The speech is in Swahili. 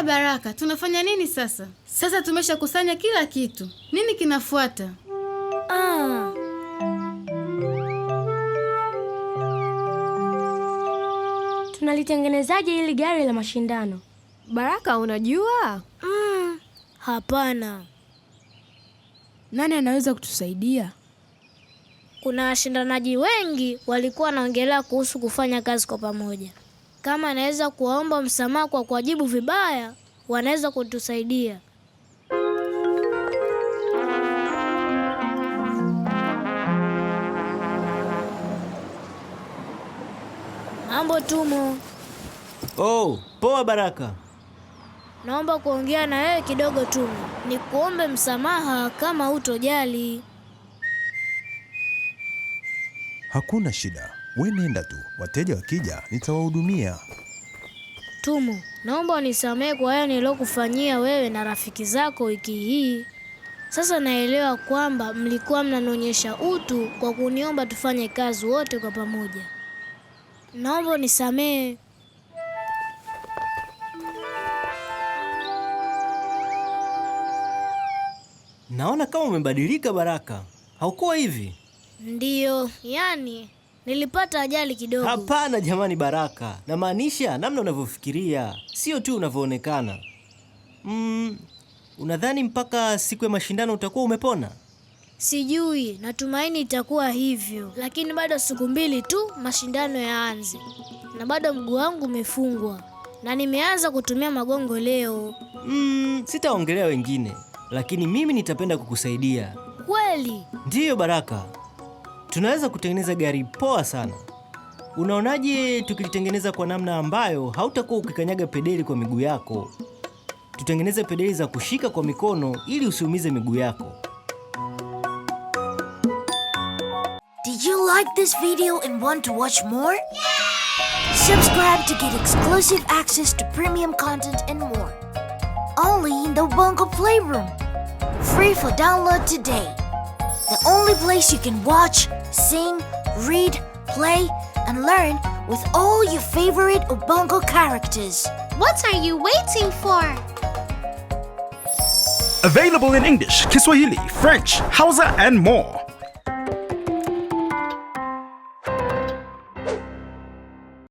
Haya Baraka, tunafanya nini sasa? Sasa tumeshakusanya kila kitu, nini kinafuata? Ah. Tunalitengenezaje hili gari la mashindano? Baraka, unajua? Mm, hapana. Nani anaweza kutusaidia? Kuna washindanaji wengi walikuwa wanaongelea kuhusu kufanya kazi kwa pamoja kama anaweza kuwaomba msamaha kwa kuwajibu vibaya, wanaweza kutusaidia. Mambo Tumo. Oh, poa Baraka. Naomba kuongea na wewe kidogo Tumo. Nikuombe msamaha kama hutojali. Hakuna shida. We nenda tu, wateja wakija nitawahudumia. Tumu, naomba unisamehe kwa haya niliokufanyia wewe na rafiki zako wiki hii. Sasa naelewa kwamba mlikuwa mnanionyesha utu kwa kuniomba tufanye kazi wote kwa pamoja. Naomba unisamehe. Naona kama umebadilika Baraka, haukuwa hivi? Ndiyo, yani Nilipata ajali kidogo. Hapana jamani, Baraka, namaanisha namna unavyofikiria, sio tu unavyoonekana. Mm, unadhani mpaka siku ya mashindano utakuwa umepona? Sijui, natumaini itakuwa hivyo, lakini bado siku mbili tu mashindano yaanze, na bado mguu wangu umefungwa na nimeanza kutumia magongo leo. Mm, sitaongelea wengine, lakini mimi nitapenda kukusaidia. Kweli? Ndiyo Baraka. Tunaweza kutengeneza gari poa sana. Unaonaje tukilitengeneza kwa namna ambayo hautakuwa ukikanyaga pedeli kwa miguu yako? Tutengeneze pedeli za kushika kwa mikono ili usiumize miguu yako. Did you like this video and want to watch more? Yeah! Subscribe to get exclusive access to premium content and more. Only in the Bongo Playroom. Free for download today. the only place you can watch, sing, read, play, and learn with all your favorite Ubongo characters. What are you waiting for? Available in English, Kiswahili, French, Hausa, and more.